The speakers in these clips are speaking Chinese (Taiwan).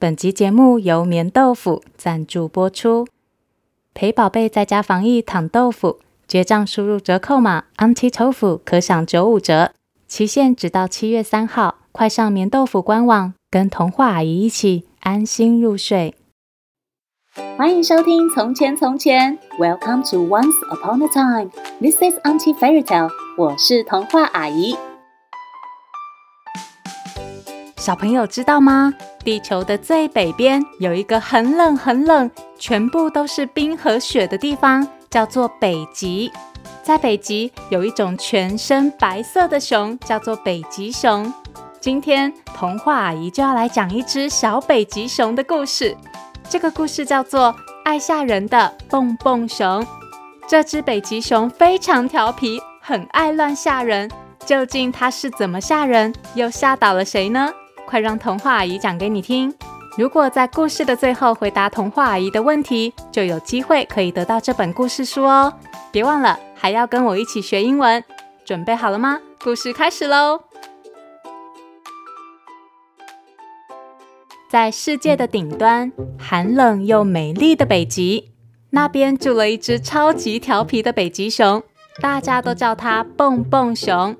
本集節目由眠豆腐贊助播出，陪寶貝在家防疫躺豆腐，結賬輸入折扣碼 “auntie tofu” 可享九五折，期限只到七月三號。快上眠豆腐官網，跟童話阿姨一起安心入睡。歡迎收聽《從前從前》，Welcome to Once Upon a Time，This is Auntie Fairy Tale，我是童話阿姨。小朋友知道嗎？地球的最北邊有一個很冷很冷，全部都是冰和雪的地方，叫做北極。在北極有一種全身白色的熊，叫做北極熊。今天童話阿姨就要來講一只小北極熊的故事。這個故事叫做《愛嚇人的蹦蹦熊》。這只北極熊非常調皮，很愛亂嚇人。究竟它是怎麼嚇人，又嚇倒了誰呢？快讓童話阿姨講給你聽！如果在故事的最後回答童話阿姨的問題，就有機會可以得到這本故事書哦！別忘了還要跟我一起學英文，準備好了嗎？故事開始嘍！在世界的頂端，寒冷又美麗的北極，那邊住了一隻超級調皮的北極熊，大家都叫它蹦蹦熊。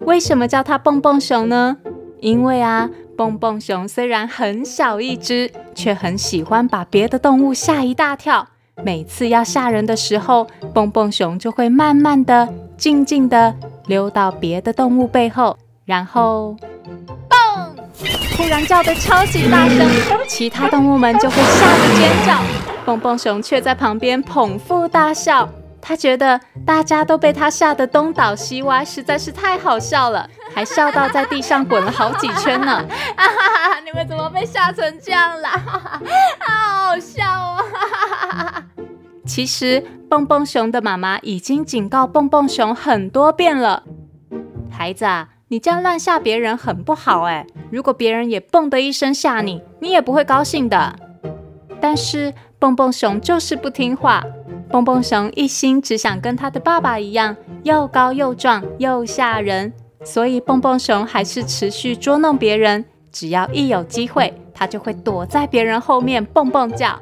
為什麼叫它蹦蹦熊呢？因為啊，蹦蹦熊雖然很小一隻，卻很喜歡把別的動物嚇一大跳。每次要嚇人的時候，蹦蹦熊就會慢慢的，靜靜的溜到別的動物背後，然後蹦，突然叫的超級大聲。嗯，其他動物們就會嚇得尖叫，蹦蹦熊卻在旁邊捧腹大笑。他覺得大家都被他嚇得東倒西歪，實在是太好笑了，還笑到在地上滾了好幾圈呢。啊哈哈！你們怎麼被嚇成這樣啦？好好笑啊！哈哈哈哈哈。其實蹦蹦熊的媽媽已經警告蹦蹦熊很多遍了，孩子啊，你這樣亂嚇別人很不好哎。如果別人也蹦的一聲嚇你，你也不會高興的。但是蹦蹦熊就是不聽話。蹦蹦熊一心只想跟他的爸爸一樣，又高又壯又嚇人，所以蹦蹦熊還是持續捉弄別人。只要一有機會，它就會躲在別人後面蹦蹦跳。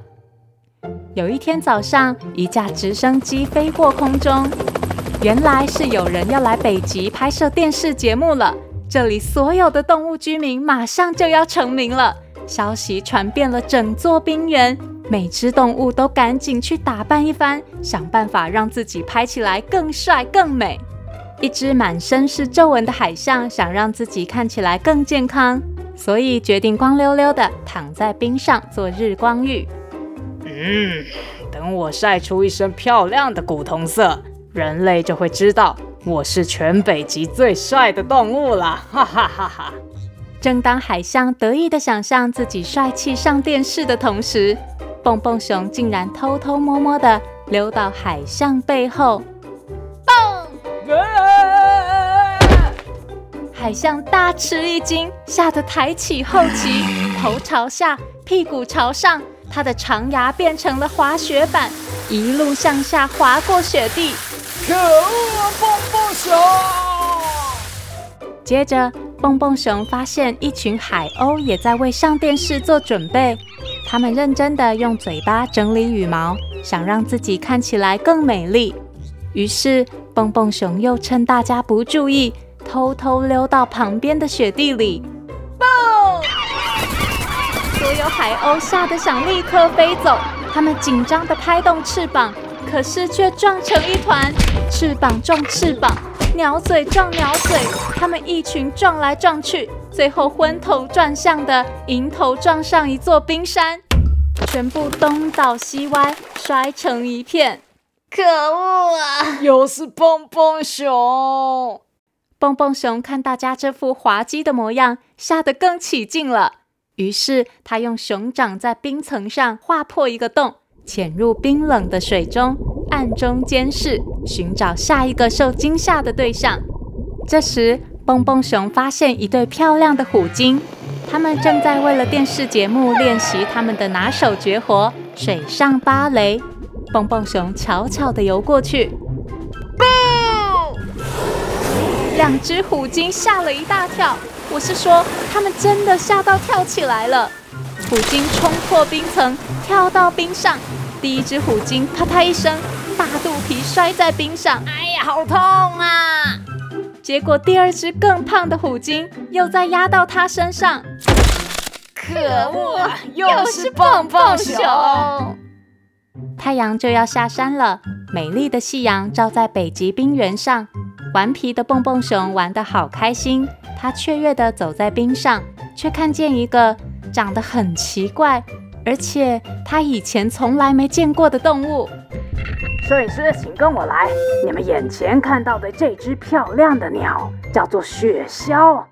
有一天早上，一架直升機飛過空中，原來是有人要來北極拍攝電視節目了。這裡所有的動物居民馬上就要成名了，消息傳遍了整座冰原。每隻動物都趕緊去打扮一番，想辦法讓自己拍起來更帥更美。一隻滿身是皺紋的海象想讓自己看起來更健康，所以決定光溜溜的躺在冰上做日光浴。嗯，等我曬出一身漂亮的古銅色，人類就會知道我是全北極最帥的動物了！哈哈哈哈。正當海象得意的想象自己帥氣上電視的同時，蹦蹦熊竟然偷偷摸摸的溜到海象背後，蹦！啊、海象大吃一驚，嚇得抬起後鰭，啊、頭朝下，屁股朝上，它的長牙變成了滑雪板，一路向下滑過雪地。可惡啊，蹦蹦熊！接着，蹦蹦熊發現一群海鷗也在為上電視做準備。他們認真地用嘴巴整理羽毛，想讓自己看起來更美麗。於是，蹦蹦熊又趁大家不注意，偷偷溜到旁邊的雪地裡。爆！Boom! 所有海鷗嚇得想立刻飛走，它們緊張地拍動翅膀，可是卻撞成一團，翅膀撞翅膀，鳥嘴撞鳥嘴，它們一群撞來撞去。最後昏頭轉向的迎頭撞上一座冰山，全部東倒西歪，摔成一片。可惡啊！又是蹦蹦熊。蹦蹦熊看大家這副滑稽的模樣，嚇得更起勁了。於是他用熊掌在冰層上劃破一個洞，潛入冰冷的水中，暗中監視，尋找下一個受驚嚇的對象。這時，蹦蹦熊發現一對漂亮的虎鯨，他們正在為了電視節目練習他們的拿手絕活——水上芭蕾。蹦蹦熊悄悄地游過去，嘣步！兩隻虎鯨嚇了一大跳，我是說，他們真的嚇到跳起來了。虎鯨衝破冰層，跳到冰上。第一隻虎鯨啪啪一聲，大肚皮摔在冰上，哎呀，好痛啊！結果第二隻更胖的虎鯨又再壓到他身上，可惡，又是蹦蹦熊！太陽就要下山了，美麗的夕陽照在北極冰原上，頑皮的蹦蹦熊玩得好開心，它雀躍地走在冰上，卻看見一個長得很奇怪，而且它以前從來沒見過的動物。攝影師，請跟我來。你們眼前看到的這隻漂亮的鳥，叫做雪鴞。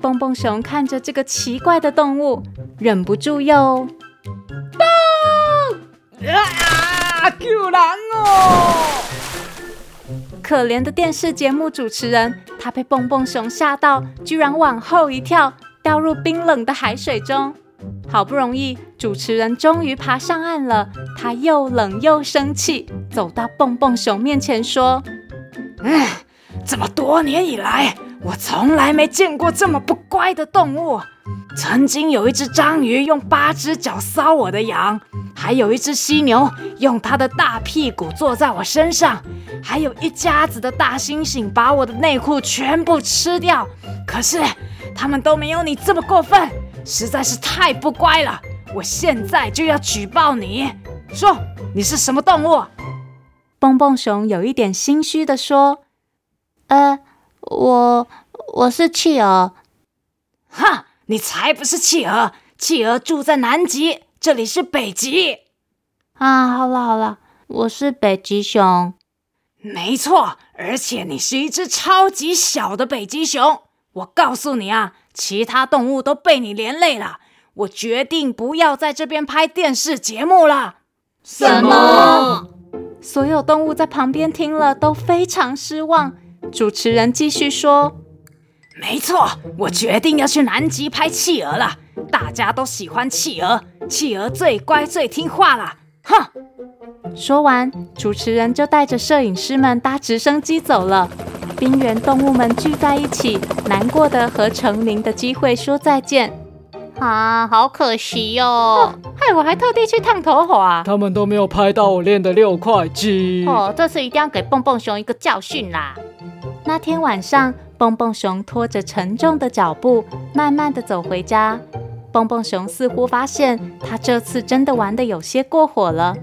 蹦蹦熊看着這個奇怪的動物，忍不住又蹦啊啊！救人哦！可憐的電視節目主持人，他被蹦蹦熊嚇到，居然往後一跳，掉入冰冷的海水中。好不容易，主持人終於爬上岸了。他又冷又生氣，走到蹦蹦熊面前說：“嗯，這麼多年以來，我從來沒見過這麼不乖的動物。曾經有一隻章魚用八隻腳搔我的癢，還有一隻犀牛用它的大屁股坐在我身上，還有一家子的大猩猩把我的內褲全部吃掉。可是，他們都沒有你這麼過分。”實在是太不乖了，我現在就要舉報你。說，你是什麼動物？蹦蹦熊有一點心虛地說：“呃，我我是企鵝。”哈，你才不是企鵝，企鵝住在南極，這裡是北極。啊，好了好了，我是北極熊。沒錯，而且你是一隻超級小的北極熊。我告訴你啊，其他動物都被你連累了，我決定不要在這邊拍電視節目了。什麼？所有動物在旁邊聽了都非常失望。主持人繼續說：“沒錯，我決定要去南極拍企鵝了。大家都喜歡企鵝，企鵝最乖最聽話了。”哼！說完，主持人就帶着攝影師們搭直升機走了。冰原動物們聚在一起，難過的和成名的機會說再見。啊，好可惜喲！哦哦！害我還特地去燙頭髮，他們都沒有拍到我練的六塊肌。哦，這次一定要給蹦蹦熊一個教訓啦！那天晚上，蹦蹦熊拖着沉重的腳步，慢慢的走回家。蹦蹦熊似乎發現他這次真的玩的有些過火了。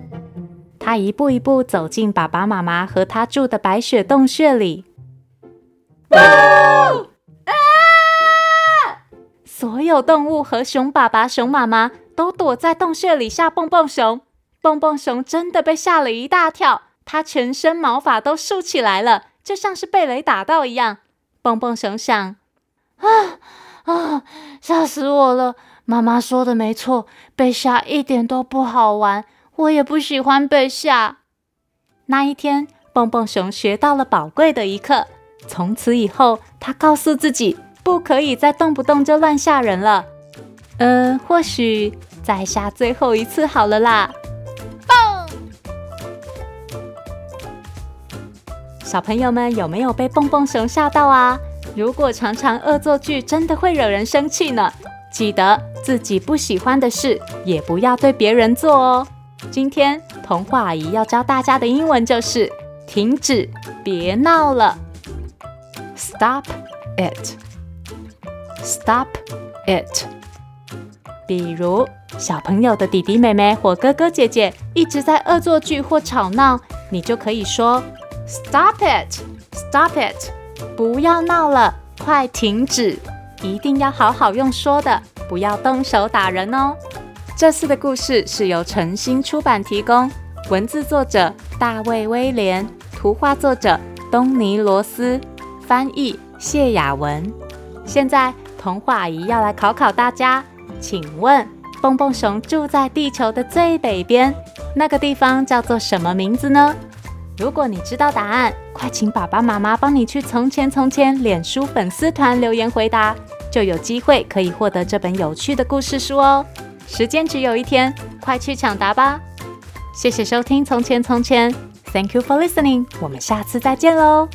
他一步一步走進爸爸媽媽和他住的白雪洞穴裡。不啊！啊，所有動物和熊爸爸、熊媽媽都躲在洞穴裡嚇蹦蹦熊。蹦蹦熊真的被嚇了一大跳，它全身毛髮都豎起來了，就像是被雷打到一樣。蹦蹦熊想：啊啊！嚇、啊、死我了！媽媽說的沒錯，被嚇一點都不好玩，我也不喜歡被嚇。那一天，蹦蹦熊學到了寶貴的一課。從此以後，他告訴自己，不可以再動不動就亂嚇人了。呃，或許再嚇最後一次好了啦。蹦棒！小朋友們有沒有被蹦蹦熊嚇到啊？如果常常惡作劇，真的會惹人生氣呢。記得自己不喜歡的事，也不要對別人做哦。今天童話阿姨要教大家的英文就是“停止，別鬧了”。Stop it! Stop it! 比如小朋友的弟弟妹妹或哥哥姐姐一直在惡作劇或吵鬧，你就可以說 “Stop it! Stop it!” 不要鬧了，快停止！一定要好好用說的，不要動手打人哦。這次的故事是由晨星出版提供，文字作者大衛·威廉，圖畫作者東尼·羅斯。翻譯謝雅文。現在童話阿姨要來考考大家，請問蹦蹦熊住在地球的最北邊，那個地方叫做什麼名字呢？如果你知道答案，快請爸爸媽媽幫你去《從前從前》臉書粉絲團留言回答，就有機會可以獲得這本有趣的故事書哦。時間只有一天，快去搶答吧！謝謝收聽《從前從前》，Thank you for listening。我們下次再見嘍。